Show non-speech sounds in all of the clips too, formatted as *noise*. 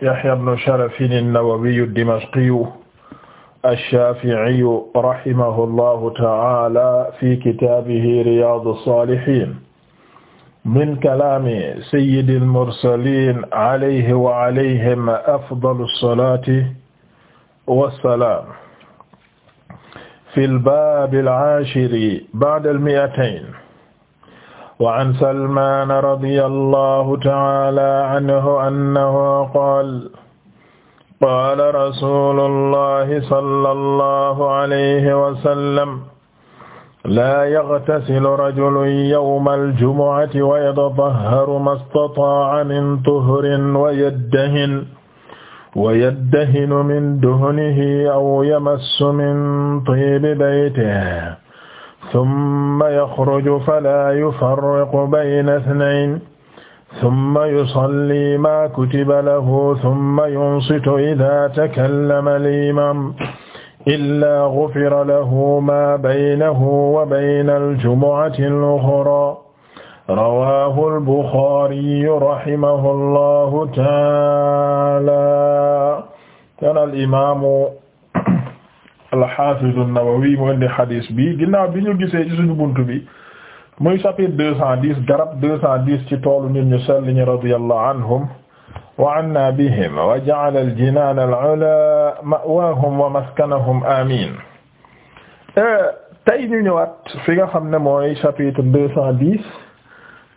Yahya ibn Sharaf an-Nawawi ad-Dimashqi ash-Shafi'i rahimahullahu ta'ala fi kitaabihi Riyad as-Salihin min kalaami sayyidil mursaliin alayhi wa alayhim afdalu salaati wa salaam fil baabil aashiri ba'dal mi'atayn wa an salman radiyallahu ta'ala anhu annahu qaala qaala rasuulullahi sallallahu alayhi wa sallam laa yaghtasilu rajulun yawmal jumu'ati wa yatatahharu mastataa'a min tuhrin wa yaddahin wa yaddahinu min duhnihi aw yamassu min tiibi baytihi summa yaxruju falaa yufarriqu bayna isnayn summa yusalli maa kutiba lahu summa yunsitu idaa takallama al-imaam illaa gufira lahu maa baynahu wa bayna al-jumu'ati al-uxraa rawaahu al-buxaariyu rahimahu llaahu ta'aalaa kaana al-imaamu al-Hafiz an-Nawawi mu indi xadis bi ginnaaw bi ñu gisee ci suñu bunt bi muy chapitre deux cent dix garab deux cent dix ci toolu nit ñu sell ñi radiyallahu anhum wa anna bihim wa ja'ala al-jinaan al-'ulaa ma'waahum wa maskanahum amiin tey ñu ñëwaat fi nga xam ne mooy chapitre deux cent dix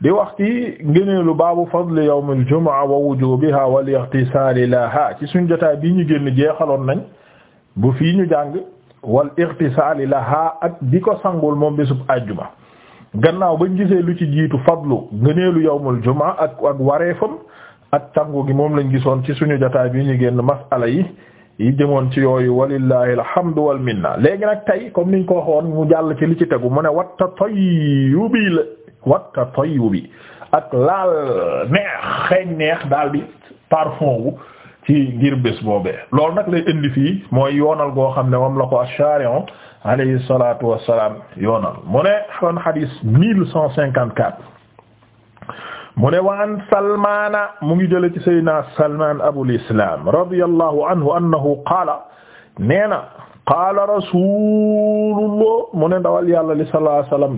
di wax ci ngëneelu baabu fadli yawmil jumu'a wa wujuubihaa wal ightisaali lahaa ci suñu jotaay bi ñu génn jeexaloon nañ bu fii ñu jàng wal irtisaali laha ak di ko sangul moom bésub àjjuma gannaaw bañ gisee lu ci jiitu fadlu ngëneelu yawmul juma ak waree wareefam ak sangu gi moom lañ gisoon ci suñu jotaay bi ñu génn masala yi yi jëmoon ci yooyu walillahi alhamdu wal minna léegi nag tey comme niñ ko waxoon mu jàll ci li ci tegu mu ne watta tayyubi la watta tayyubi ak laal neex xeeñ neex daal bi parfum ci ngir bés boobee loolu nag lay mooy yoonal goo xam ne moom la ko ash-shari'u alayhi salatu wassalam yoonal mu ne mille cent cinquante quatre mu ne waan salmaana mu ngi jële ci sayyidina salman abul islam radiyallahu anhu annahu qaala nee na ndawal yàlla li sallallahu alayhi wasallam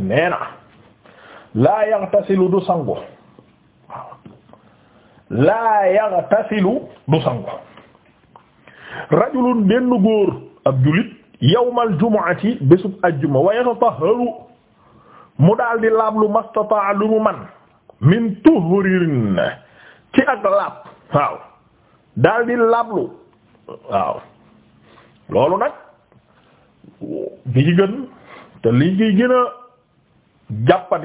nee du sangu laa yaghtasilu du sangu rajulun benn góor ab jullit yawmal jumu'ati bésub ajjuma wa yatatahharu mu daal di laab lu mastata'a min tuhrin ci ak laab waaw daal di laablu waaw loolu nag bi ci gën te li ngi gën a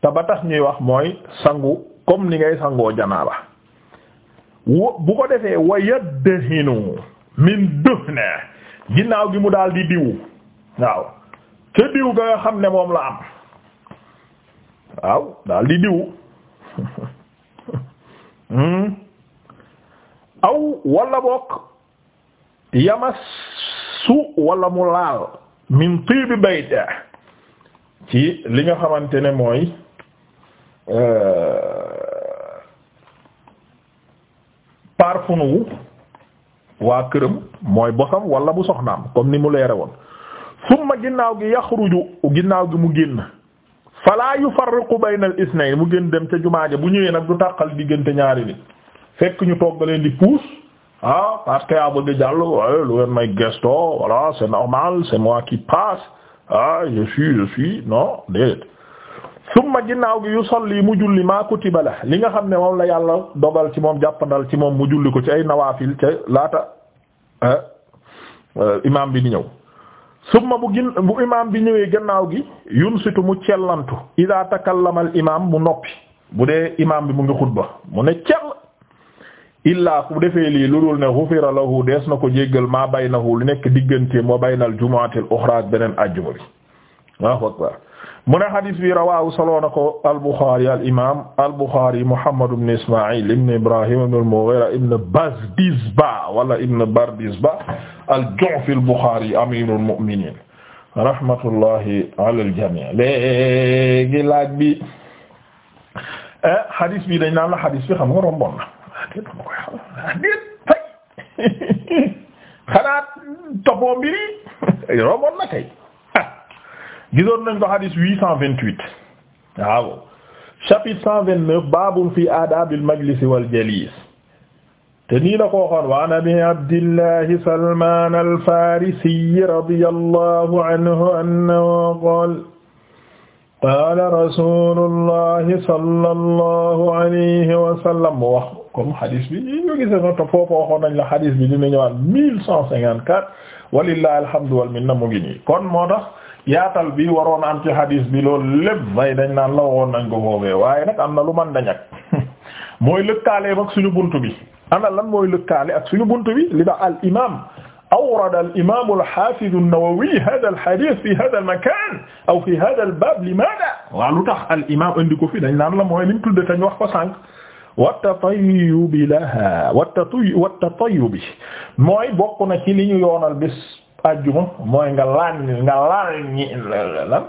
te ba tax ñuy wax mooy sangu comme li ngay sangoo janaaba wo bu ko defee wa yaddahinu min duhna ginnaaw gi mu daal di diw waaw ca diw ga nga xam ne moom la am waaw daal di diw *laughs* hmm? aw wala boog yamassu wala mu laal min tibi bayta ci li nga xamante ne mooy euh, parfum waa këram mooy bosam wala bu soxnaam comme ni mu leere woon summa ginnaaw gi yaxruju ginnaaw gi mu génn fala yufarriqu bayna al isnayn mu génn dem ca jumaaja bu ñëwee nag du tàqal diggante ñaari nit fekk ñu toggaleen di puus ah parce que yaa bëgg jàll lu may gesto voilà c'est normal c'est moi qui passe ah je suis je suis non summa ginnaaw gi yusalli mu julli maa kutiba la li nga xam ne moom la yàlla dogal ci moom jàppandal ci moom mu julli ko ci ay nawaafil ca laata eh, eh, imaam bi di ñëw summa bu gin bu imaam bi ñëwee gannaaw gi yunsitu mu cellantu ida takallama al imaam mu noppi bu dee imaam bi mu ngi xutba mu ne cell illaa ku defee lii lu dul ne xufira lahu dees na ko jéggal maa baynahu lu nekk digganteem wa baynal jumu'atil uxra beneen ajjuma bi waaw mu ne xadis bi rawaahu solo na ko al-Bukhari al imaam al-Bukhari Muhammad ibn Isma'il ibn Ibrahim ibn al-Mughira ibn Bazdisba wala ibn Bardisba al-Ju'fi al-Bukhari amirul mu'minin rahmatullahi ala al-jami' léegi laaj bi eh, xadis bi dañ naan la xadis bi xam nga romboon na ah, ah, *laughs* xanaa toppoo mbiri *laughs* romboon na kay. gisoon nañ ko hadis huit cent vingt huit waaw chapitre cent vingt neuf baabun fi aadaabil majlis wal jaliis te nii la ko waxoon wa an abi abdillahi salman alfarisiyi radi allahu aanhu annahu qaal qaala rasulullahi sala allahu alayhi wasallam mu wax comme hadis bi yi nga gise nota foofu waxoon nañ la hadis bi dina ñëwaat mille cent cinquante quatre walillahi alhamdu wal minna mu ngi nii kon moo tax yaatal bi waroon am ci hadis bi loolu lépp bay dañ naan la woon nañ ko foofee waaye nag am na lu man dañ ak *laughs* mooy lëkkaaleem ak suñu bunt bi ana lan mooy lëkkaale ak suñu bunt bi li tax al imam awrada al imam al hafiz an-Nawawi hada al hadith fi hada al makan aw fi hada al bab limaada waa lu tax al imam andi ko fi dañ naan la mooy liñ tudde tañ wax ko sànq wa tatayyubi laha wa tatayyubi mooy bokk na ci li ñu yoonal bis ajjuma mooy nga laan nga laan ñi lan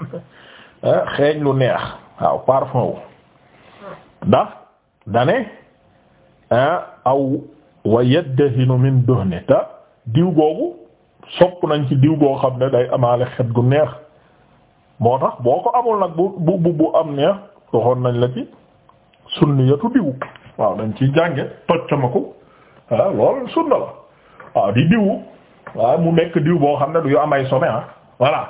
*laughs* ah, xeeñ lu neex waaw parfum wu ndax dane ah, aw wa yaddahinu min duhni te diw googu sopp nañ ci diw boo xam ne day amaale xet gu neex moo tax boo ko amul nag bu bu bu am neex waxoon nañ la ci sunniyatu diw waaw dañ ciy jànge tocc ah, lool sunna la waaw di diw waaw mu nekk diw boo xam ne du yu amay some ah voilà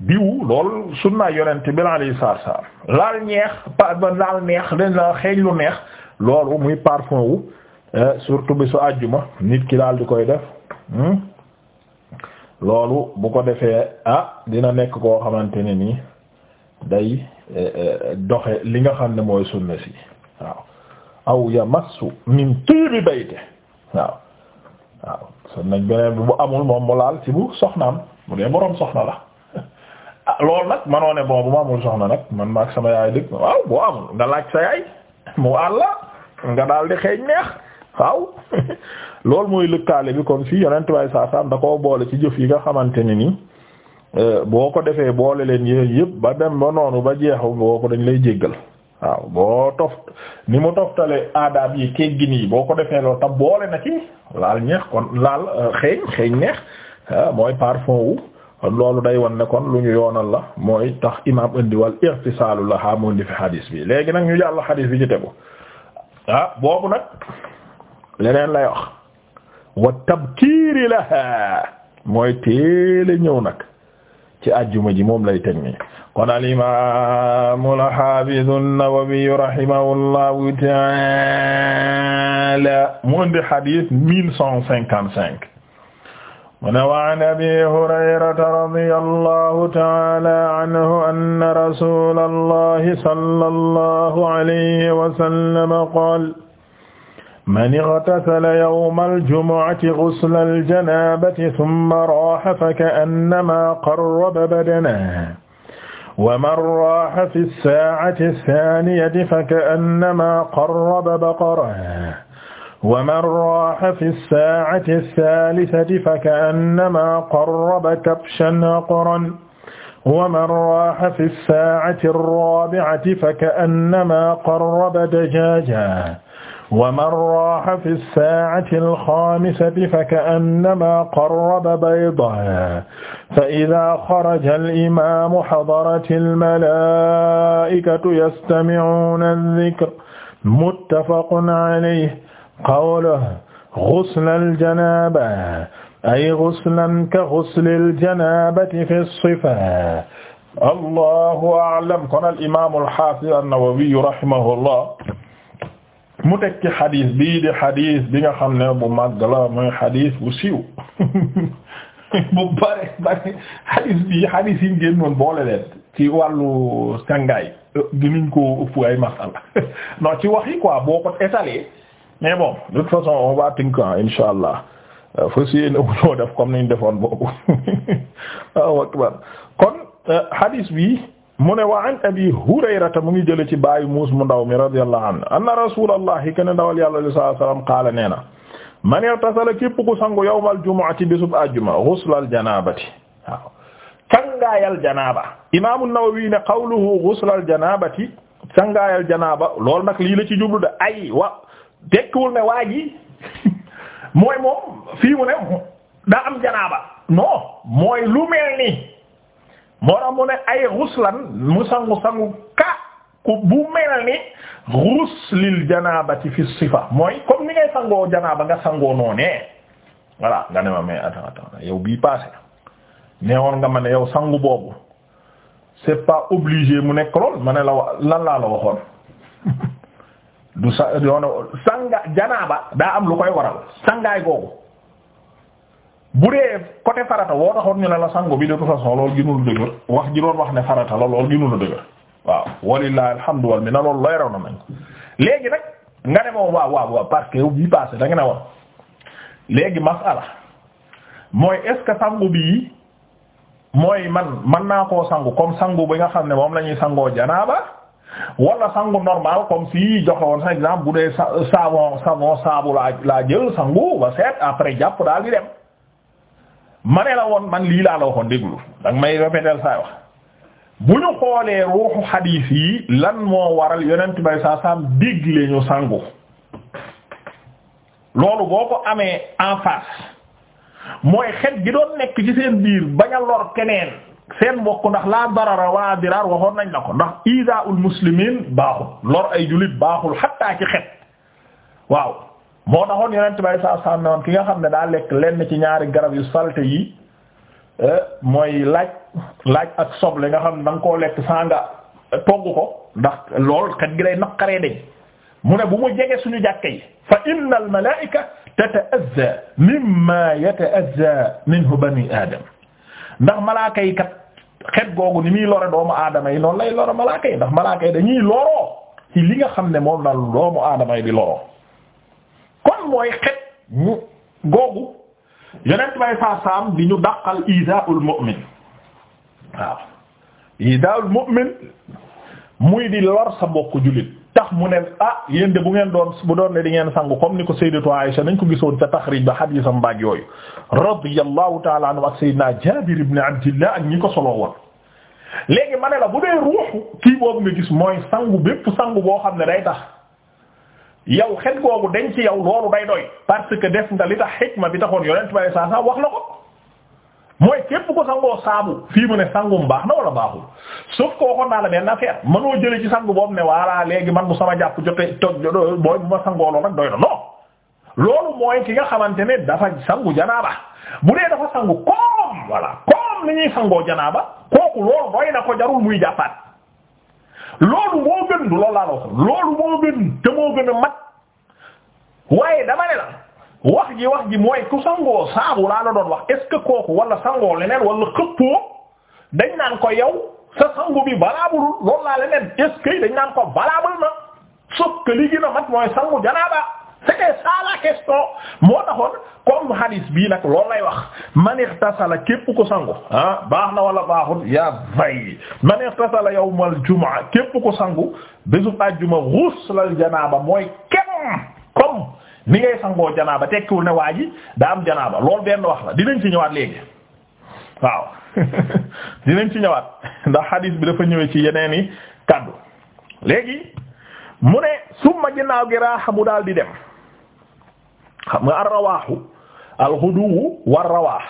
diw loolu sunna yonent bi alayhi salaam laal ñeex pa laal neex leen la xeeñ lu neex loolu muy parfum wu eh, surtout bi su àjjuma nit ki daal di koy def hmm? loolu bu ko defee ah dina nekk koo xamante ne nii day eh, eh, doxe li nga xam ne mooy sunna si waaw aw yamassu min tibi bayte waaw son nañ beneen bi bu amul moom mu laal ci bu soxnaam mu dee boroom soxna la *laughs* ah loolu nag manoo ne bon bu ma amul soxna nag man maak sama yaay dëkk waaw boo amul nga laaj sa yaay *laughs* mu àll nga daal di xeeñ neex waaw *laughs* loolu mooy lëkkaale bi kon fii yonent baay da koo boole ci jëf yi nga xamante ne ni euh, boo ko defee boole leen yéen yëpp ba dem ba noonu ba jeexu boo ko dañ lay jéggal waaw boo tof ni mu toftale aadaab yi teggin yi boo ko defee loolu te boole na ci laal ñeex kon laal euh, xeeñ xeeñ neex ah, mooy parfum wu loolu day wan ne kon lu ñu yoonal la mooy tax imam indi wal irtisaalu la xaa mu indi xadiis bi léegi nag ñu jàll xadiis bi ci tegu ah boobu nag leneen lay wax wa tabkiiri laha mooy téele ñëw nag ci àjjuma ji moom lay teg nii kon al-imaam al-haafiz an-Nawawi rahimahullahu ta'aala mu indi hadiis mille cent cinquante-cinq mu ne wa an Abii Hurayrata radiyallahu ta'aala anhu anna rasuulallahi sallallahu alayhi wa sallam qaala man ightasala yawmal jumu'ati ghusla al-janaabati thumma raaha fa ka'annamaa qarraba badanahu wa man raaha fi saa'ati saaniyati fakaannamaa qarraba baqaratan wa man raaha fi saa'ati saalisati fakaannamaa qarraba kabshan aqran wa man raaha fi saa'ati raabi'ati fakaannamaa qarraba dajaajan wa man raaha fi saa'ati al-xaamisati faka-annamaa qarraba baydan fa-izaa xaraja al-imaamu hadarati al-malaa'ikatu yastami'uuna ad-dikra muttafaqun alayhi qawluhu ghusla al-janaaba ay ghuslan ka-ghusli al-janaabati fi as-sifaa allahu a'lam kon al-imaamu al-haafiz an-Nawawi rahimahullah mu teg ci xadis bii di xadis bi nga xam ne bu màgg la mooy xadis bu siw *laughs* bu bare bare xadis bii xadis yi ngeen noonu boole leen ci wàllu sàngaay gënuñ ko ëpp ay masala *laughs* non ci wax yi quoi boo ko étalé bon de toute façon on va tënk insha allah euh, fa si yéen ëpp def comme niñ defoon boobu waaw *laughs* kon euh, xadis bi mu ne wa an abi hurayrata mu ngi jële ci baayu muus mu ndaw mi radiyallahu anhu anna rasulallahi kene dawal yàlla sallallahu alayhi wasallam qaala nee na man irtasala képp ku sangu yawmal jumu'ati bisub àjjuma ghuslal janaabati waaw sangaayal janaaba imaamu Nawawi ne qawluhu ghuslal janaabati sangaayal janaaba loolu nag lii la ci jublu de ay wa tekkiwul ne waa *laughs* mooy moom fii mu ne daa janaaba non mooy lu moo tax mu ne ay ruslan mu sangu sangu ka ku bu mel ni ruslil janaabati fi sifa mooy comme ni ngay sangoo janaaba nga sangoo noonee voilà nga ne ma mais attends attends yow bii passé nee nga ma ne yow sangu boobu c'est pas obligé mu nekk lool ma ne la lan laa la waxoon *laughs* du sanga janaaba daa am lu koy waral sangaay googu bu dee côté farata woo taxoon ñu ne la sangu bi de toute façon loolu gënul dëgër wax ji doon wax ne farata la loolu gënul dëgër waaw walillahi alhamdu wal minna loolu leeroon na nañ léegi nag nga ne moom waaw waaw waaw parce que da nga ne woon léegi masala mooy est-ce que sangu bii mooy man man naa koo sangu comme sangu ba nga xam ne moom la ñuy sangoo janaaba walla sangu normal comme si joxe woon sa exemple bu dee savon savon saabu laa laa jël sangu ba seet après jàpp daal di dem. ma ne la man lii laa la waxoon déglu danga may rafetal saa wax bu ñu xoolee ruuxu xadiis yi lan moo waral yonent bay saa saam digle ñu sangu loolu boo ko amee en mooy xet gi doon nekk ci seen biir bañ a lor keneen seen mbokk ndax laa darara wala diraar waxoon nañ la ko ndax iidaa ul muslimiin baaxul lor ay jullit baaxul xattaa ci xet waaw moo taxoon yonent bay saa saa ne woon ki nga xam ne daa lekk lenn ci ñaari garab yu salte yi eh, mooy laaj laaj ak soble nga xam ne da nga koo lekk saa nga togg ko ndax lool kat gi day naqaree dañ mu ne bu mu jege suñu jàkke yi fa inna al malaa'ika tata'azza mimma yata'azza minhu bani adam ndax malaaka yi kat xet googu ni muy lore doomu aadama yi noonu lay lore malaaka ndax malaaka dañuy loroo li nga xam ne moom la doomu aadama yi di loroo kon mooy xet mu googu yonent bay saa saam di ñu dàqal idaa'ul mu'min waaw idaa'ul mu'min muy di lor sa mbokk jullit tax mu ne ah yéen de bu ngeen doon bu doon ne di ngeen sangu comme ni ko sayyidatu Aisha nañ ko gisoon ca taxrij ba sa baag yooyu radiyallahu ta'ala anhu ak sayyidina Jaabir ibn Abdillah ak ñi ko solo woon léegi ma ne la bu dee ruuxu kii boobu nga gis mooy sangu bépp sangu boo xam ne day tax yow xet googu denc yow loolu day doy parce que def nga li tax xikma bi taxoon yonent bi saa saa wax la ko mooy képp ko sangoo saabu fii mu ne sangum baax na wala baaxu sauf que waxoon naa la benn affaire mënoo jële ci sangu boobu ne waalaa léegi man bu sama jàpp jote to mooy bu ma sangoo loolu rek doy na non loolu mooy ki nga xamante ne dafa sangu janaaba bu dee dafa sangu koom voilà koom li ñuy sangoo janaaba kooku loolu doy na ko jarul muy jàppaat loolu moo gën du loolu laa loolu moo gën te moo gën a mat waaye dama ne la wax mooy ku sangoo saabu laa la doon wax est kooku wala sangoo leneen wala xëppoo dañ naan ko yow sa sangu bi valable loolu laa leneen est dañ naan ko valable na sauf que mat mooy sangu janaaba. c'était ça moo taxoon comme hadis bii nag loolu lay wax man ihtasala képp ku sangu ah, baax na wala baaxul yaa vay man yow yawmal jumaa képp ko sangu bésub àjjuma ghuslal janaaba mooy kem comme ni ngay sangoo janaaba tekkiwul ne waa ji daa am janaaba loolu benn wax la dinañ ci ñëwaat léegi waaw *laughs* dinañ ci ñëwaat ndax hadis bi dafa ñëwee ci yeneen i kaddu léegi mu ne summa ginnaaw gi raaxa daal di dem. xam nga ar-rawaahu al-ghudu wa ar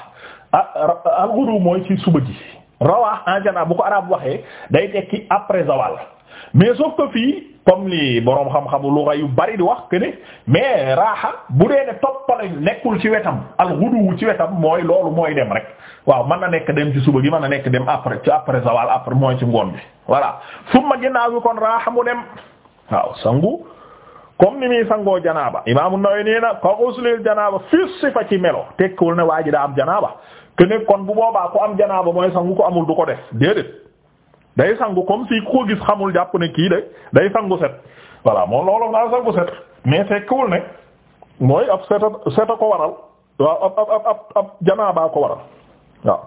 ah, al-ghudu mooy ci suba ji rawaah en général bu ko arab waxee day nekki après zawal mais sauf que comme lii boroom xam-xamu luga yu bari di wax que mais raaxa bu dee ne toppale nekkul ci wetam al-ghudu ci wetam mooy loolu mooy dem rek waaw mën na nekk dem ci suba gi mën na nekk dem après ci après zawal après mooy ci ngoon bi voilà suma ginnaaw bi kon raaxa mu dem waaw sangu comme ni muy sangoo janaaba imaamu Nawawi nee na ko uslil janaaba fi sifa ci melo tekkiwul ne waa ji daa am janaaba ke kon bu boobaa ko am janaaba mooy sangu ko amul du ko def déedéet day sangu comme si ko gis xamul jàpp ne kii de day sangu set voilà moom loolu naa sangu set mais tekkiwul ne mooy ab seta seta ko waral waaw ab ab ab ab janaaba ko waral waaw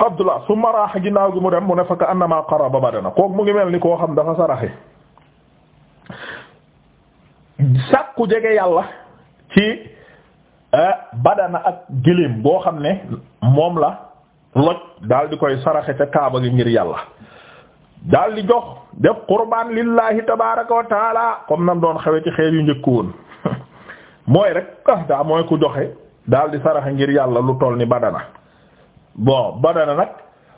Abdullah su maraax ginnaaw gi mu dem mu ne fa ko annama qaraba badana kook mu ngi mel koo sàkku jege yàlla ci euh, badana ak giléem boo xam ne moom la loj daal di koy saraxe ca kaaba gi ngir yàlla daal di jox def qurbaan lillahi tabaaraka wa taala comme nam doon xewe ci xeer yu njëkk woon *laughs* mooy rek ah, daa mooy ku joxe daal di saraxe ngir yàlla lu tool ni badana bon badana nag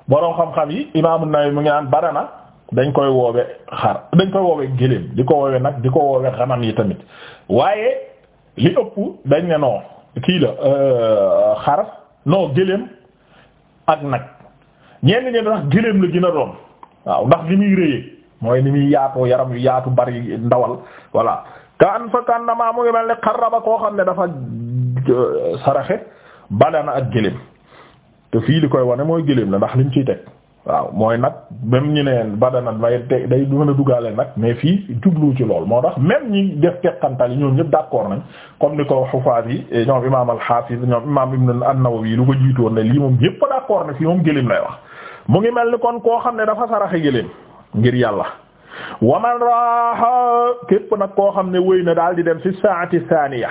boroom xam-xam yi imaamu Nawawi mu ngi naan badana dañ koy woowe xar dañ koy woowe géléem di ko woowe nag di ko woowe xanam yi tamit waaye li ëpp dañ ne noo kii la euh, xar non géléem ak nag ñenn ñi ndax géléem la gën doon waaw ndax li muy réyee mooy ni muy yaatoo yaram yu yaatu bari ndawal voilà ka an na kan namaa mu ngi mel ni xaraba koo xam ne dafa euh, saraxe bale na ak géléem te fii li koy wane mooy géléem la ndax lim ciy teg waaw mooy nag même ñu ne badanat may day day du a dugaale nag mais fii jublu ci lool moo tax même ñi def teqantal yi ñoom ñëpp d'accord nañ comme ni ko xufaat yi eh, ñoom imaam al-Hafiz ñoom imaam Ibn an-Nawawi lu ko jiitoon ne lii moom ñëpp d'accord na fii moom gëléem lay wax mu ngi mel ni kon koo xam ne dafa saraxe gëléem ngir yàlla waman raha képp nag koo xam ne wéy na daal di dem ci saati thaniya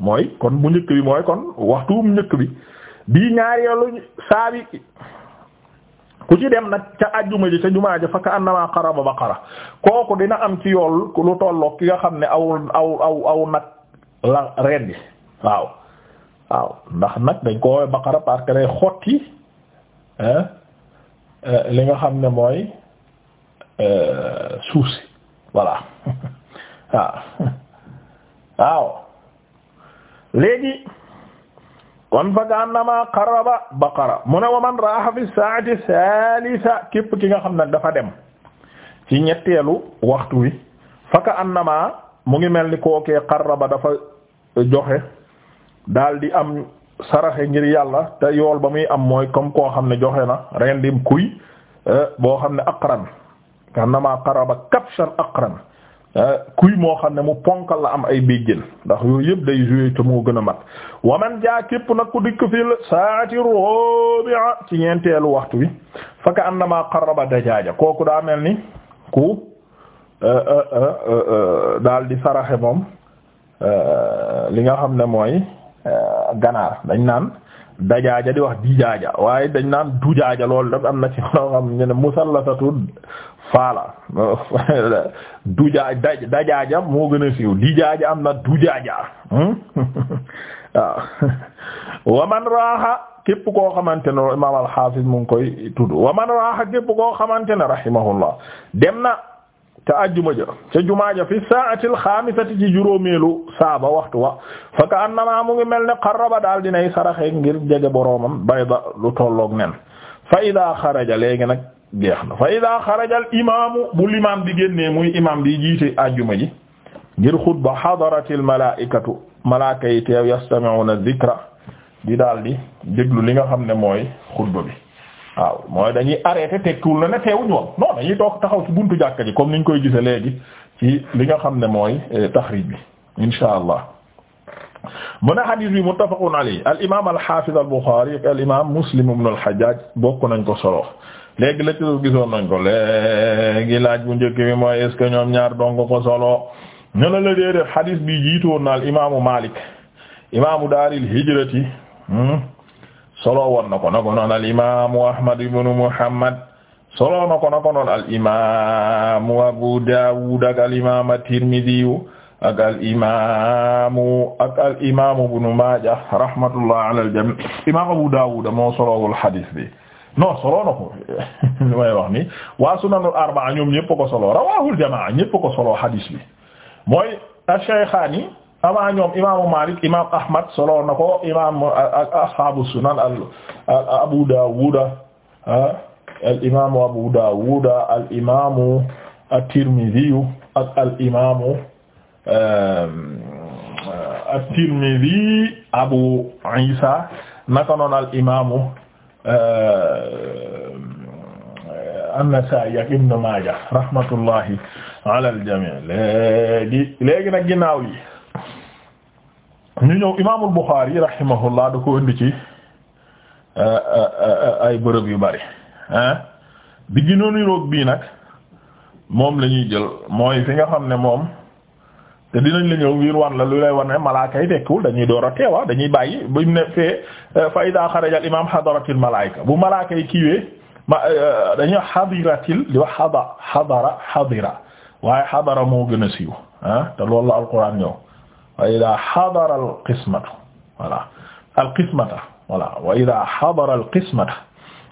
mooy kon bu njëkk bi mooy kon waxtu bu njëkk bi ku ci dem nag ca ajjuma ji ca jumaa ji fa ka annama qaraba baqara kooku dina am ci yool lu tollook ki nga xam ne aw aw aw aw nag la rendi waaw waaw ndax nag dañ ko woowee baqara parce que day xotti euh, li nga xam ne mooy euh, suuf si voilà *laughs* waaw waaw léegi kon fa ka annama qaraba baqara mu ne wa man fi saati salisa képp ki nga xam nag dafa dem ci ñetteelu waxtu wi fa ka annama mu ngi mel ni kookee qaraba dafa joxe dal di am saraxe ngir yàlla te yool ba muy am mooy comme koo xam ne joxe na rendim kuy eh, boo xam ne aqran ka annama qaraba kabshan Euh, kuy moo xam ne mu ponkal la am ay béjjén ndax yooyu yëpp day joué te moo gën a mat wa man jaa képp nag ku dikk fil saati rubi'a ci ñeenteelu waxtu bi fa ka annama qarraba dajaaja kooku daa mel ni ku euh, euh, daal di saraxe moom li nga xam ne mooy ganaar dañ naan. dajaaja di wax dijaaja waaye dañ naan dujaaja loolu daf am na ci loo xam ne musallasatu faala *laughs* dujaa daj dajaaja moo gën a siiw dijaaja am na dujaaja waaw *laughs* ah. *laughs* wa man raaxa képp koo xamante ne loolu imaam al-Hafiz koy tudd wa man raaxa képp koo xamante ne rahimahullah dem na te àjjuma ja ca jumaa ja fi saa'ati al-xaamisati saaba waxtu wa fa ka annamaa mu ngi mel ne qarraba daal dinay saraxe ngir jege boroomam bayda lu tolloog nen fa idaa xaraja léegi nag jeex na fa idaa xaraja al imaamu bu di génnee muy imaam bi jiite àjjuma ji ngir xutba xadaratil malaa'ikatu malaaka yi teew yastami'una dhikra di daal di déglu li nga xam ne mooy xutba bi waaw mooy dañuy arrêté tekkiwul na ne teewuñu woon non dañuy toog taxaw ci buntu jàkka ji comme ñu koy gise léegi ci li nga xam ne mooy eh, taxrib bi insha allah mu ne xadis bi muttafaqun alayhi al imam al hafiz al bukhari ak al imam muslim ibn al hajjaj bokk nañ ko solo léegi la ci gisoon nañ ko léegi laaj bu njëkk bi mooy est ñoom ñaar dongo ko solo ñu ne la déedéet xadis bi jiitoon na al imaamu malik imaamu daaril hijrati hmm? solo woon na ko na ko noon al imaamu Ahmad ibn Muhammad solo na ko na ko noon al imaamu Abu Dawud ak al imaamu at-Tirmidhi ak al imaamu ak al imaamu Ibn Maaja rahmatullah ala al-jamii imaamu Abu Dawud moo solowul hadis bi non solo na ko *laughs* li may wax ni waa sunanul arbaa ñoom ñëpp ko solo rawaahul jamaa ñëpp ko solo hadis bi mooy ash-shaykhaani avant ñoom imaamu Malik imaam Ahmad solo na ko imaam ashaabu sunan al Abu Dawud al imaamu Abu Dawud al imaamu at-Tirmidhi ak al imaamu ehm, at-Tirmidhi Abu Isa naka noonu al imaamu ehm, an-Nasa'i ak Ibn Majah rahmatullahi ala al-jami' léegi léegi nag ginnaaw li ñu ñëw imaamul Buxaari rahimahullah da ko indi ci euh, euh, euh, ay bërëb yu bari ah bi gënoon niroog bii nag moom lañuy jël mooy fi nga xam ne moom te dinañ la ñëw ngir wan la lu lay wan ne malaaka yi tekkiwul dañuy door a teewa dañuy bàyyi buñ ne fee fa idaa xaraja al imaam hadaratil malaayika bu malaaka yi ma dañuy hadiratil di wax xada xadara xadira waaye xadara moo gën a siw ah te loolu la alquran ñëw. wa ida xadara alqismatu voilà alqismata voilà wa ida xadara alqismata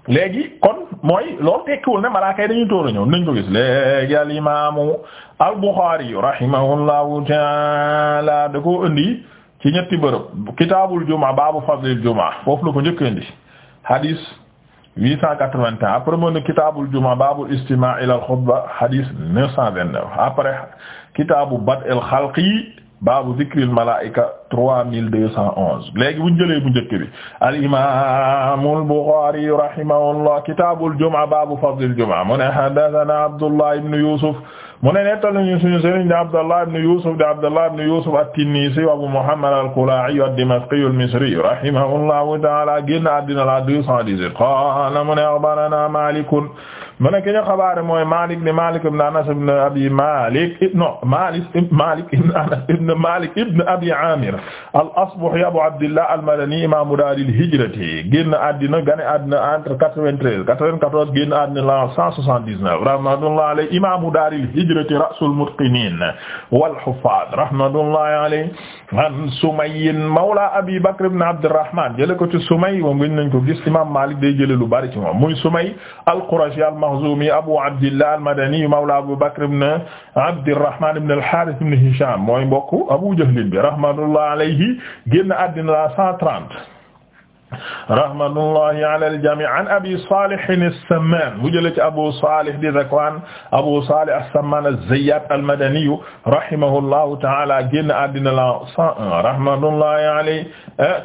léegi kon mooy loolu tekkiwul ne malaaka yi dañuy tóor a ñëw nañ ko gis léegi al imaamu al Buxaari rahimahullahu taala da koo indi ci ñetti bërëb kitaabul jumaa baabu fadlil jumaa foofu la ko njëkk indi hadis 881 après mu ne kitaabul jumaa baabul istimaa' ila al xutba hadis 929 après kitaabu bad'il xalqi baabu zikril malaika trois mille deux cent onze léegi bu ñu jëlee bu njëkk bi al imam al Bukhari rahimahullah kitabul jumaa baabu fadlil jumaa mu ne hadathana Abdullah ibn Yusuf mu ne nettal nañu suñu sëriñ di Abdallah ibn Yusuf di Abdallah ibn Yusuf at-Tinnisi wa Abu Muhammad al-Kula'i ad-Dimashqi al-Misri rahimahullahu ta'ala génn àddina la deux cent dix-huit qaala mu ne akhbarana Maalik mu ne ki ñu xabaare mooy Malik ne Malik ibn Anas ibn Abi Malik non Malik Malik ibn Anas ibn Malik ibn Abi Amir al-Asbahi Abu Abdillah al-Madani imaamu daaril hijrati génn àddina gane àddina entre 93 94 génn àddina la 179 rahmatullahi alayhi imaamu daaril hijrati ra'sul mutqinin wal huffaz rahmatullahi alayhi an Sumayy mawla Abi Bakr ibn Abdurrahman jële ko ci Sumay moom gën nañ ko gis imam Malik day jële lu bari ci moom muy Sumay al-Qurashi al-Makhzumi Abu Abdillah al-Madani mawla Abu Bakr ibn Abdirrahman ibn al-Harith ibn Hisham mooy mbokk Abu Jahl bi rahmatullah alayhi génn àddina la 130 rahmatullahi ala al-jamii an abi Salih as-Samman mu jëlee ci abu Salih di Zakwan abu Salih as-Samman az-Zayyat al-Madani rahimahullahu ta'ala génn àddina la 101 rahmatullahi alayhi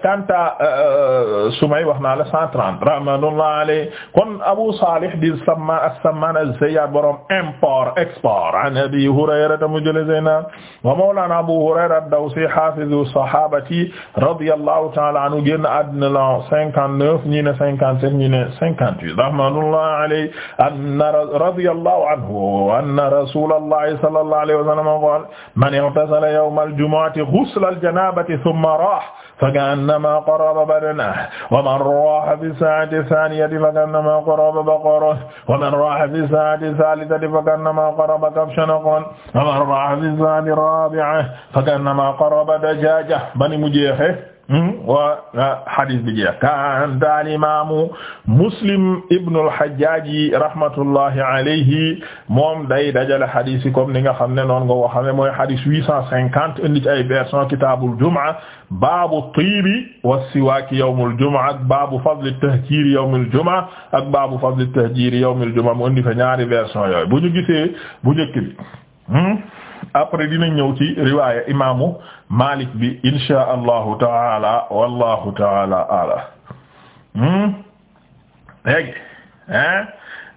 kanta euh, euh, euh, Sumay wax naa la 130 rahmatullahi alayhi kon abu Salih di Samman as-Samman az-Zayyat borom import export an abi Hurayrata mu jëlee Zeyna wa mawlana abu Hurayra ad-Dawsi hafizu sahabati radiyallahu ta'ala anhu génn àddina la cent cinquante neuf ñii ne cinquante sept ñii ne cinquante huit rahmatullahi alayhi anna radiyallahu anhu anna rasulallahi sallallahu alayhi wa sallam qala man ightasala yawma al-jumu'ati ghusla al-janabati thumma raha فكأنما قرب بدنه ومن راح في الساعة الثانية فكأنما قرب بقره ومن راح في الساعة الثالثة فكأنما قرب كبش نقر ومن راح في الساعة الرابعة فكأنما قرب دجاجة ba ni mu jeexe Hmm? wa hadis bi jeex kan daal imaamu muslim ibnu al-Hajjaaji rahmatullahi alayhi moom day dajale hadis yi comme ni nga xam ne noonu nga ko xamee mooy hadis huit cent cinquante indi ci ay version kitaabul jumaa baabu tiibi wa siwaaki yawmul jumaa ak baabu fadli tahjiiri yawmil jumaa ak baabu fadli tahjiiri yawmil jumaa mu indi fa ñaari version yooyu bu ñu gisee bu njëkk bi hmm? après dinañ ñëw ci riwaaya imaamu Malik bi insha allahu taala wallahu taala ala hmm? léegi hein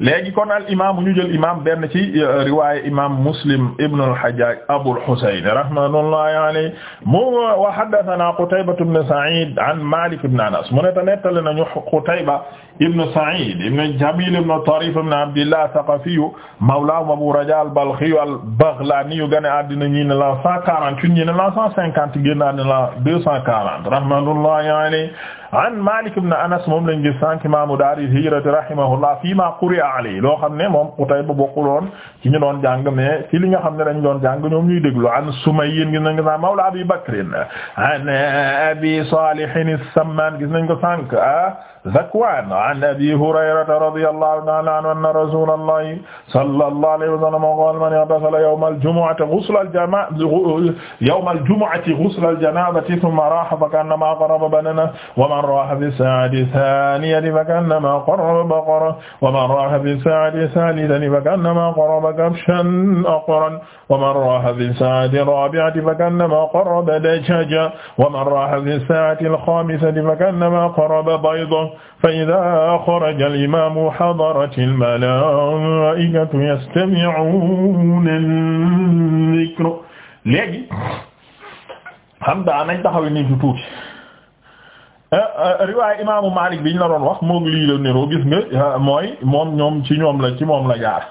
léegi kon al imaam ñu jël imaam benn ci euh, riwaaya imaam muslim ibn al-Hajjaj Abul Husayn rahmatullahi alayhi mu wa haddathana Qutayba ibn Sa'id an Malik ibn Anas mu ne te nettali nañu Qutayba ibn Sa'id ibn Jamil ibn Tarif ibn Abdillah Thaqafi mawlahum Abu Raja al-Balkhi al-Baghlani yu gane àddina ñi ne la 140 ñi ne la 150 génn àddina la 240 rahmatullahi alayhi an Malik ibn Anas moom lañ gis sànq imaamu daari hijrati rahimahullah fii ma quri'a alayhi loo xam ne moom Qutayba bokkuloon ci ñu doon jàng mais ci li nga xam ne dañ doon jàng ñoom ñuy déglu an Sumayy gis nañ ko sànq mawla Abi Bakr an Abi Salih as-Samman gis nañ ko sànq ah Zakwan an Abi Hurayrata radiyallahu ta'ala anhu anna rasulallahi sallallahu alayhi wa sallam qala man ightasala yawma al-jumu'ati ghusla al-janabati yawma al-jumu'ati ghusla al-janabati thumma raha fakannama qarraba banana wa man raha fi as-sa'ati ath-thaniyati fakannama qarraba baqara wa man raha fi as-sa'ati ath-thalithati fakannama qarraba kabshan aqran wa man raha fi as-sa'ati ar-rabi'ati fakannama qarraba dajajan wa man raha fi as-sa'ati al-khamisati fakannama qarraba baydan fa idaa xaraja al-imaamu hadarati al-malaa'ikatu yastami'uuna al-dhikra léegi xam daa nañ taxaw ni du tuuti euh, euh, riwaay imaamu Maalik bi ñu la doon wax moom lii la niroo gis nga euh, mooy moom ñoom ci ñoom la ci moom la jaar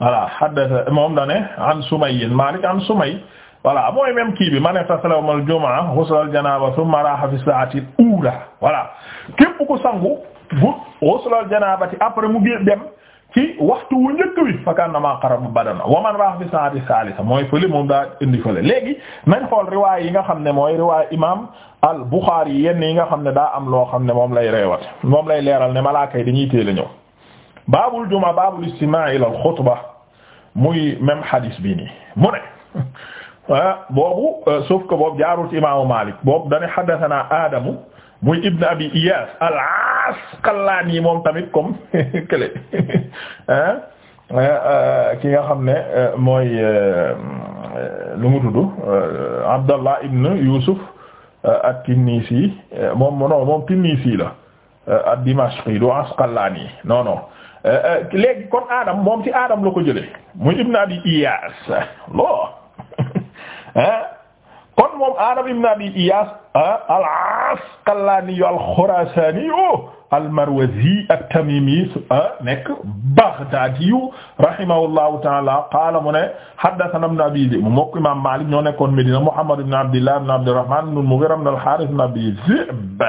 voilà haddatha moom la ne an Sumayyin Maalik an Sumay voilà mooy même kii bi man ightasala al jumaa ghusla al janaaba thumma raaha fi saa'ati al uula voilà képp ku sangu bu ghusla al janaabati après mu gën dem ci waxtu wu njëkk bi fa kannama qaraba badana wa man raaha fi saa'ati saalisa mooy fële moom daa indi fële léegi nañ xool riwaay yi nga xam ne mooy riwaay imaam al Buxaari yi yenn yi nga xam ne daa am loo xam ne moom lay reewat moom lay leeral ne malaaka yi dañuy teel a ñëw baabul jumaa baabul istimaa'i ila al xutba Ah, boobu euh, sauf que boobu jaarul ci imaamu Malik boobu dañuy haddathana Adamu muy Ibn Abi Iyas al-Asqalani moom tamit comme *laughs* kële ah, ah, ki nga xam ne euh, mooy euh, lu mu tudd Abdallah Ibn Yusuf at-Tinnisi moom moom Tinnisi la ad-Dimashqi du Asqalani non non léegi kon Adam moom ci Adam la ko jëlee muy Ibn Abi Iyas Eh? kon moom Adam ibn Abi Iyas eh? al-Asqalani al-Khurasani oh! al-Marwazi at-Tamimi eh? nekk Baghdadi oh! rahimahullahu ta'ala qaala mu ne haddathana ibn Abi Dhi'b mook Imam Malik ñoo nekkoon Medina Muhammad ibn Abdillah ibn Abdirrahman ibn al-Mughira ibn al-Harith ibn Abi Dhi'b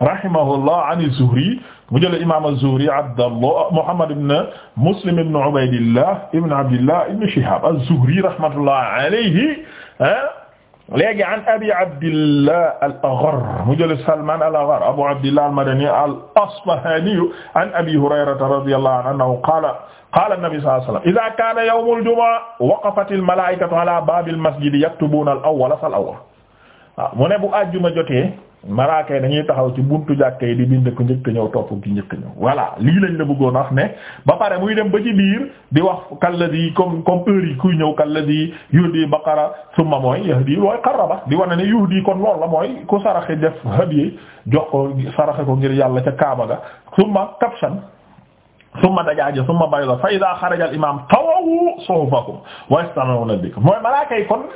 rahimahullah an az-Zuhri mu jële Imam az-Zuhri Abdallah Muhammad ibn Muslim ibn Ubaydillah ibn Abdillah ibn Shihab az-Zuhri rahmatullahi alayhi léegi an abi abdillah al aghar mu jël salman al aghar abu abdillah al madani al asbahani an abi hurayrata radiyallahu anhu annahu qaala qaala an-nabi sallallahu alayhi wa sallam idha kaana yawm al jumu'a waqafat al malaa'ikatu ala baabi al masjid yaktubuna al awwala fal awwal waaw mu ne bu àjjuma jotee malaaka yi dañuy taxaw ci buntu jàkka yi di bind ku njëkk ñëw topp ki njëkk ñëw voilà lii lañ la bëggoon wax ne ba pare muy dem ba ci biir di wax kalladi comme comme heure yi kuy ñëw kalladi yuhdi baqara summa mooy yahdi looy qarraba di wane ne yuhdi kon loolu la mooy ku saraxe def hadiye jox ko saraxe ko ngir yàlla ca kaaba ga summa kapshan summa dajaaja summa bayda fa ida xaraja al imam tawawu suhufakum wa yastamuna dik mooy malaaka yi kon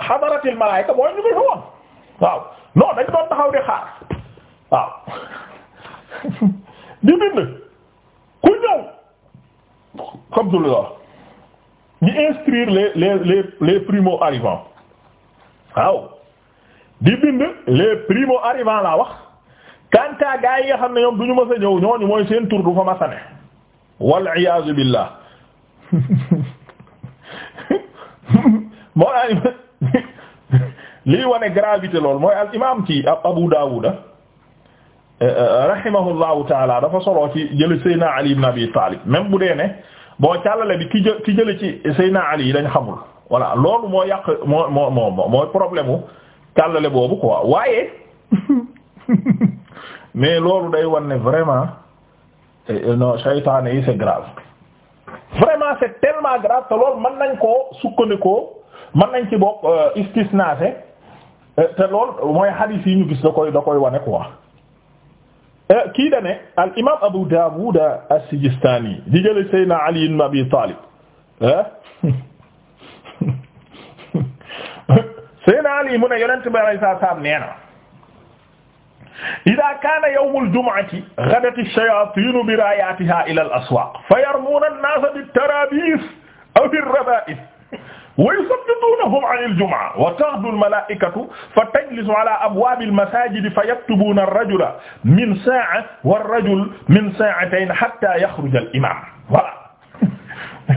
hadaratil eh, malaaka mooy ñu ngi woon waaw non dañ doon taxaw di xaar waaw *laughs* di bind ku ñëw Abdullah ñu inscrire les les les les primo arrivants waaw di bind les primo arrivants laa wax kanta gaa yi nga xam ne ñoom du ñu mës a ñëw ñooñu mooy seen tur du fa masa wal iyaazu billah *laughs* lii wane gravité lool mooy al imaam ci Abu Daawuda rahimahullahu taala dafa soloo ci jële Seyna Ali ibn Abi Talib même bu dee ne boo càllale bi ki jë ki jële ci Seyna Ali yi dañ xamul voilà loolu moo yàq moo moo moo mooy problème u càllale boobu quoi waaye *laughs* mais loolu day wan ne vraiment eh, eh, non saytaane yi c'est grave vraiment c'est tellement grave te loolu mën nañ koo sukkandikoo man nañ ci bokk euh, istisnaase Eh, te lool mooy hadith yi ñu gis da koy da koy wane quoi eh, kii da ne al imaam Abu Dawud as-Sijistani di jële Seydina Ali ibn Abi Talib eh? *laughs* Seydina Ali mu ne yonent bi alayhi salaam nee na idaa kaana yawmul jumu'ati ghadat ash-shayaatiinu bi raayaatihaa ilal aswaaq fa yarmuuna an-naasa bit-taraabiis aw bir-rabaa'is *laughs* wa yusabbitunahum anil jumaa wa taghdu al malaa'ikatu fa tajlisu ala abwaabi al masaajidi fa yaktubuuna ar-rajula min saa'a war-rajulu min saa'atayn hatta yakhruja al imaam voilà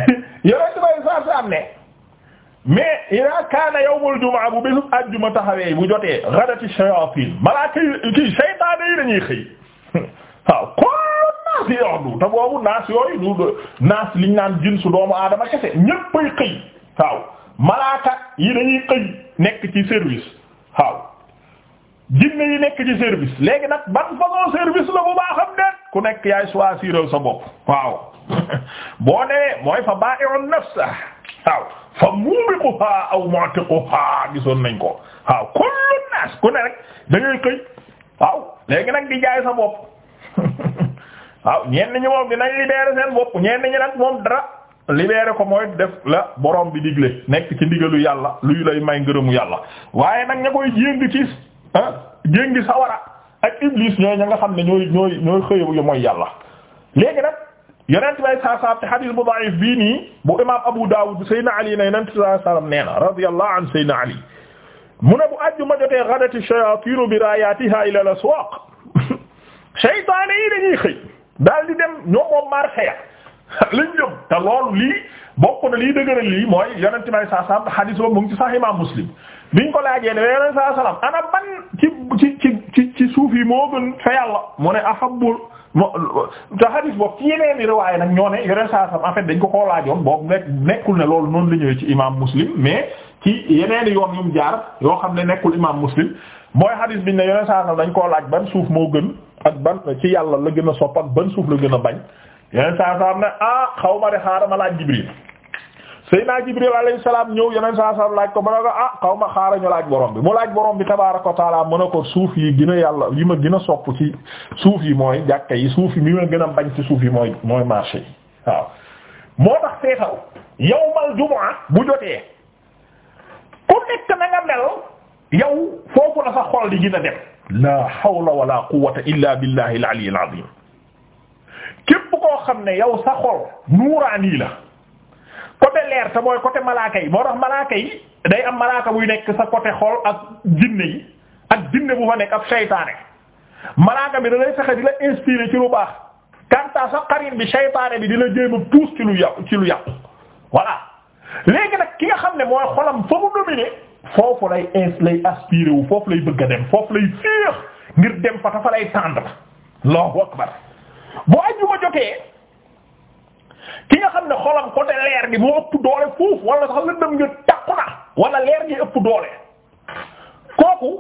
*laughs* mais ida kaana yawmul jumaa bu bésub àjjuma taxawee bu jotee ghadati shayatin malaaka yi kii saytaane yi dañuy xëy *laughs* waaw kullu naas yahdu te boobu naas yooyu du naas liñ naan jinsu doomu aadama kese ñéppay xëy waaw malaaka yi dañuy xëy nekk ci service waaw jinne yi nekk ci service léegi nag ban façon service la bu baaxam de ku nekk yaay choisir sa bopp waaw *laughs* boo nee mooy fa ba'i'un nafsa waaw fa mumiquha aw mu'tiquha gisoon nañ ko waaw kullu nas ku ne rek da ngay xëy waaw léegi nag di jaay sa bopp *laughs* waaw ñenn ñi moom dinañ libérer seen bopp ñenn ñi nag moom dara libéré ko mooy def la borom bi digle nekk ci ndigalu yàlla luy lay may ngërëmu yàlla waaye nag ña koy jéng ci ah, jéngi sawara ak iblis ñooy ña nga xam ne ñooy ñooy ñooy xëyu yu mooy yàlla nag yonent bay saa saab te bu da'if bii nii bu imaam Abu Dawud bi Seydina Ali na yonent saa sallam nee na radiyallahu an Seydina Ali mu ne bu àjjuma jotee ghadati shayaatiinu bi raayaatihaa ila al-aswaaq seytaane *laughs* yi dañuy xëy daal di dem ñoo moom marché ya *laughs* lañ jëm te loolu lii bokk na lii dëgëral lii mooy yonent may saa salaam xadiis boobu mu ngi ci Sahih Imam Muslim biñ ko laajee ne yonent saa salaam ana ban ci ci ci ci suuf yi moo gën fa yàlla ne ahabbu te xadiis boobu ci yeneen i riwaaya nag ñoo ne yonent saa salaam dañ ko koo laajoon boobu nekk nekkul ne loolu noonu la ñëwee ci Imam Muslim mais ci yeneen i yoon yu mu jaar yoo xam ne nekkul Imam Muslim mooy xadiis biñ ne yonent saa salaam dañ koo laaj ban suuf moo gën ak ban ci yàlla la gën a sopp ban suuf la gën a bañ. yeneen saa saa ne ah xaw ma de xaaral ma laaj Jibril Seydina Jibril alayhi salaam ñëw yeneen saa saa laaj ko ma ne ko ah xaw ma xaaral ñu laaj borom bi mu laaj borom bi tabaaraka wa taala mën a ko suuf yi gën yàlla yi ma gën a sopp ci suuf yi mooy jàkka yi suuf yi ma gën a bañ ci suuf yi mooy mooy marché yi waaw. moo tax seetaw yow foofu la sa xol di gën a dem. la hawla wala quwwata illa billahi al-ali al-azim képp koo xam ne yow sa xol nuuraani la côté leer ta mooy côté malaaka yi moo tax malaaka yi day am malaaka buy nekk sa côté xol ak jinne yi ak jinne bu fa nekk ak seytaane malaaka bi da lay fexe di la inspirer ci lu baax kanta sa xarit bi seytaane bi di la jéem a puus ci lu yàqu ci lu léegi nag ki nga xam ne mooy xolam fa mu dominer foofu lay ins wu foofu lay bëgg a dem foofu lay féex ngir dem fa ta lay tendre Allahu akbar bu ajjuma jotee ki nga xam ne xolam côté leer gi moo ëpp doole foofu wala sax lëndëm nga takku na wala leer gi ëpp doole kooku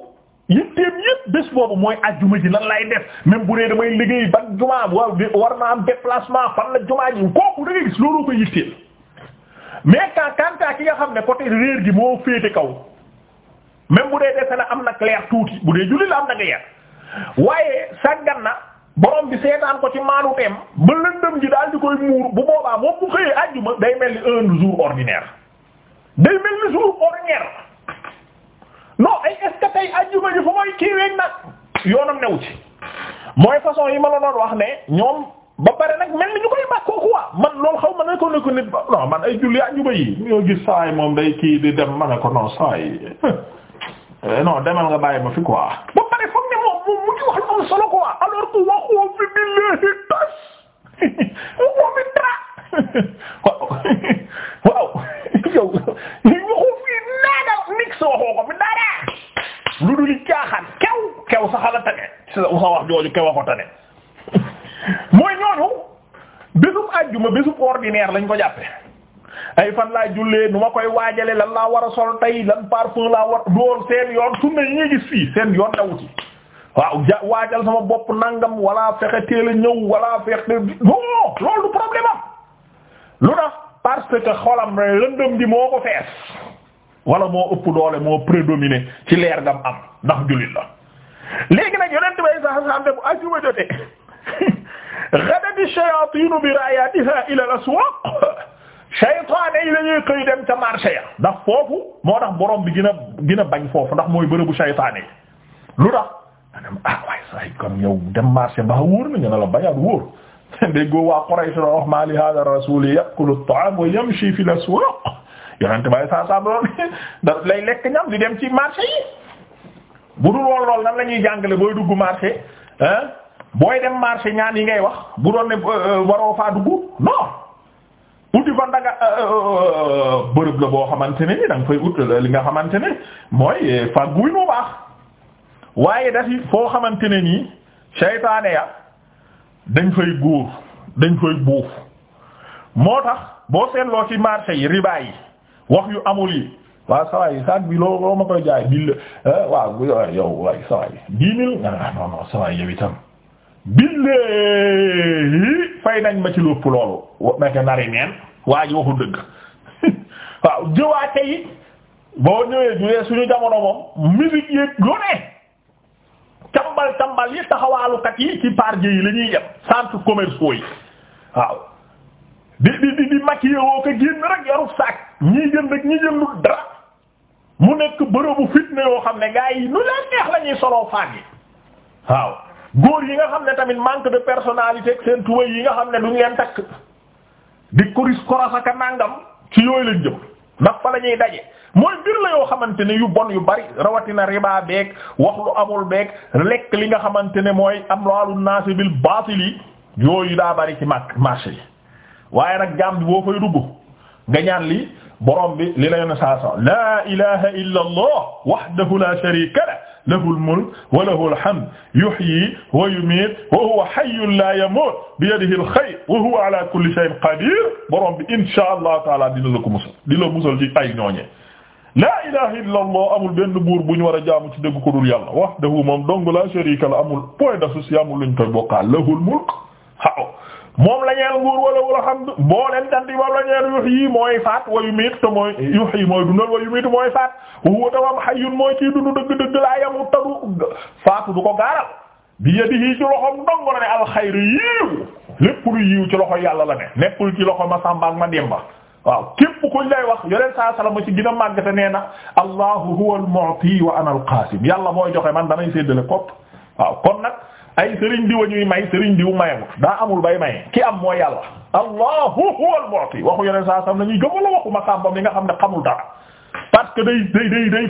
yitteem yépp bés boobu mooy ajjuma ji lan lay def même bu dee damay liggéey ba jumaa war naa am déplacement fan la jumaa ji kooku da ngay gis loolu ko yitteel mais quand kantaa ki nga xam ne côté réer gi moo féete kaw même bu dee dese na am nag leer tuuti bu dee julli la am nag leer waaye sàggan na borom bi seetaan ko ci maanu teem ba lëndëm ji daal di koy muur bu boobaa moom bu xëyee àjjuma day mel ni un jour ordinaire day mel ni jour ordinaire non ay est-ce que tey àjjuma nag yoonam new ci mooy façon yi ma la doon wax ne ñoom ba pare nag mel ni ñu koy bàkkoo quoi man loolu xaw ma ne ko ne ko nit man ay julli àjjuma yi ñoo gis saay moom day kii dem ma ne ko non saay Eh, non demal nga bàyyi ma fi quoi. ba pare foog ne moom mu ngi wax lu am solo quoi alors que waxoo fi billahi tas waxoo fi dara waaw yow waxoo fi naada nit sa waxoo ko fi dara lu dul caaxaan kew kew sa xala tane sa wax jooju kew a ko tane mooy ñooñu bésum àjjuma bésum ordinaire lañ ko jàppe ay fan laa jullee nu ma koy waajale lan laa war a sol tey lan parfum laa war dool seen yoon sunna yi ñuy gis seen yoon dawuti waaw ja waajal sama bopp nangam wala fexe teel a ñëw wala fexe non loolu problème am lu tax parce que xolam rek lëndëm gi moo ko fees wala moo ëpp doole moo prédominé ci leer gam am ndax jullit la léegi nag yonent bay sax xam ne bu ajuma jotee *laughs* ghadati shayatinu bi ra'yatiha ila al-aswaq saytaane yi la ñuy dem ca marché ya ndax foofu moo tax boroom bi gën a gën bañ foofu ndax mooy bërëbu saytaane yi lu tax maanaam ah waaye saa yi kon yow dem marché ba wóor na ne la bañaat wóor *laughs* déggoo waa Quraysh la wax ma li hada rasul ya'kulu at-ta'am wa yamshi fil saa saa doon da lay lekk ñam di dem ci marché yi bu dul woon lool nan la ñuy jàngale booy dugg marché ah booy dem marché ñaan yi ngay wax bu doon ne euh, waroo faa dugg non uti fa ndaga euh, euh, euh, bërëb la boo xamante ne ni da nga fay ut li nga xamante ne mooy fagguy mu baax waaye dafi foo xamante ne nii seytaane ya dañ fay góor dañ fay buuf moo tax boo seetloo ci marché yi riba yi wax yu amul yi waaw sawaay yi saag bi loo ma koy jaay bil waaw yow waay nga ah non sawaay yow itam billahi fay nañ ma ci lépp loolu wa nari neen waa ji dëgg *laughs* waaw jëwaate yi boo ñëwee juree suñu jamono moom musique yi yone tambal tambal yi taxawaalukat yi ci parje yi la ñuy yem centre commerciaux yi waaw di di di di maquillé woo ko génn rek yoruf saak ñii jënd ñi jëndul dara mu nekk bërëbu fitna yoo xam ne gaa yi nu leen neex la ñuy soloo yi waaw góor yi nga xam ne tamit manque de personnalité ak seen tuba yi nga xam ne duñ leen takk di koris korasaka nàngam ci yooyu lañ jëm ndax fa ñuy daje mooy mbir yoo xamante ne yu bon yu bari rawatina riba beeg wax lu amul beeg lekk li nga xamante ne mooy am laalu naasi bil baatil yi yooyu daa bari ci mag marché yi waaye nag jaam bi boo fay dugg nga ñaan li borom bi li la yoon saa laa ilaha illa allah la sharika lahu lahu al-mulk wa lahu al-hamd yuhyi wa yumiit wa huwa hayyun laa yamuut biyadihi al-khayr wa huwa ala kulli shay'in qadiir borom bi insha allah taala dina la ko musal di la musal ci ay ñooñe laa ilaha illa allah amul benn buur bu ñu war a jaamu ci dëgg ko dul yàlla wahdahu moom dong la sharika la amul point d'associé amul luñ koy bokkaal lahu al-mulk moom la ñeel nguur wala wala moom la yuhyi mooy faat wa yumiit te mooy yuhyi mooy dundal wa mooy faat huwa tawam hayyun mooy ciy dund dëgg-dëgg laa yamut tadu faatu du ko gaaral bi yadihi ci loxoom dong la ne alxayr yiiw lépp ci loxo yàlla la ne nekkul ci loxo ma sàmba ak ma demba waaw képp kuñ wax yoneen saa sala ma ci gën a màgg te nee na allahu huwa al mu'ti wa ana mooy joxe man damay séddale kopp waaw kon ay sëriñ diw ñuy may sëriñ diw mayagut daa amul bay maye ki am mooy yàlla allahu huwal mu'ti waxu saa sam nañuy gëm wala waxu makambam li nga xam ne xamul dara parce que day day day day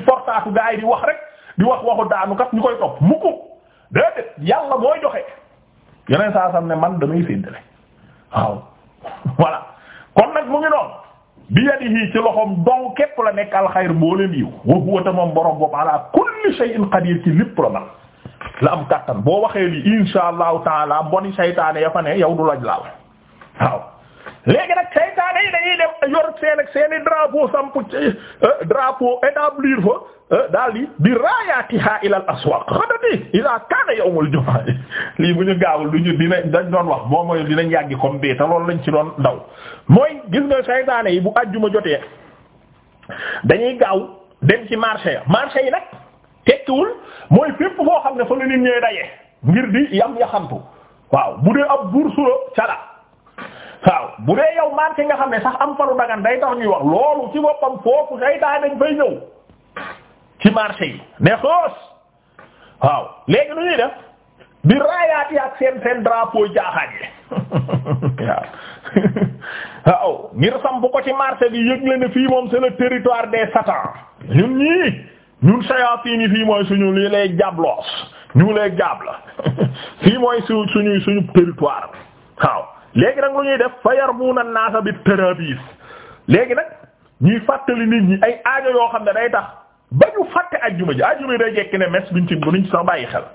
di wax di wax waxu daanu kat ñu koy topp mukk déedéet yàlla mooy joxe yeneen saa sam ne man damay séddale waaw *laughs* voilà kon nag mu ngi noonu bi yadihi ci loxoom dong képp la nekk alxayr mbooleem yiw wa huwa moom borom boobu ala kulli shay'in qadir ci lépp la man la am kàttan boo waxee li insha allahu taala mboni saytaane ya fa ne yow du laj laal waaw léegi nag saytaane yi dañuy dem yor seen ak seen i drapeau samp euh, drapeau établir fa euh, daal di bi raayaatiha ilal aswaq xadati ila kaana yawmul jumaa lii bu ñu gaawul du ñu dina dañ doon wax boo mooy dinañ yàggi comme bi te loolu lañ ci doon daw mooy gis nga saytaane yi bu àjjuma jotee dañuy gaaw dem ci marché ya marché yi nag tekkiwul mooy fépp foo xam ne fa la nit ñooy daje ngir di yam yaxantu waaw bu dee ab buur sula cala waaw bu dee yow marché nga xam ne sax am faru dagan day tax ñuy wax loolu ci boppam foofu taa dañ fay ñëw ci marché yi ne xoos waaw léegi nu ñuy def di raayaat yi ak seen seen drapeau jaaxaan yi *laughs* waaw ngir sam ko ci marché bi yëgle ne fii moom c'est le territoire des satans ñun ñii ñun sayaatiin yi fii mooy suñu lii lay jabloos ñu lay jabla *laughs* fii mooy su suñuy suñu territoire waaw léegi nag lu ñuy def fa yarmuuna naasa bi tarabis léegi nag ñuy fàttali nit ñi ay aajo yoo xam ne day tax ba ñu fàtte ajjuma ji ajjuma ji day jekki ne mes buñ ci buñ ci sax bàyyi xel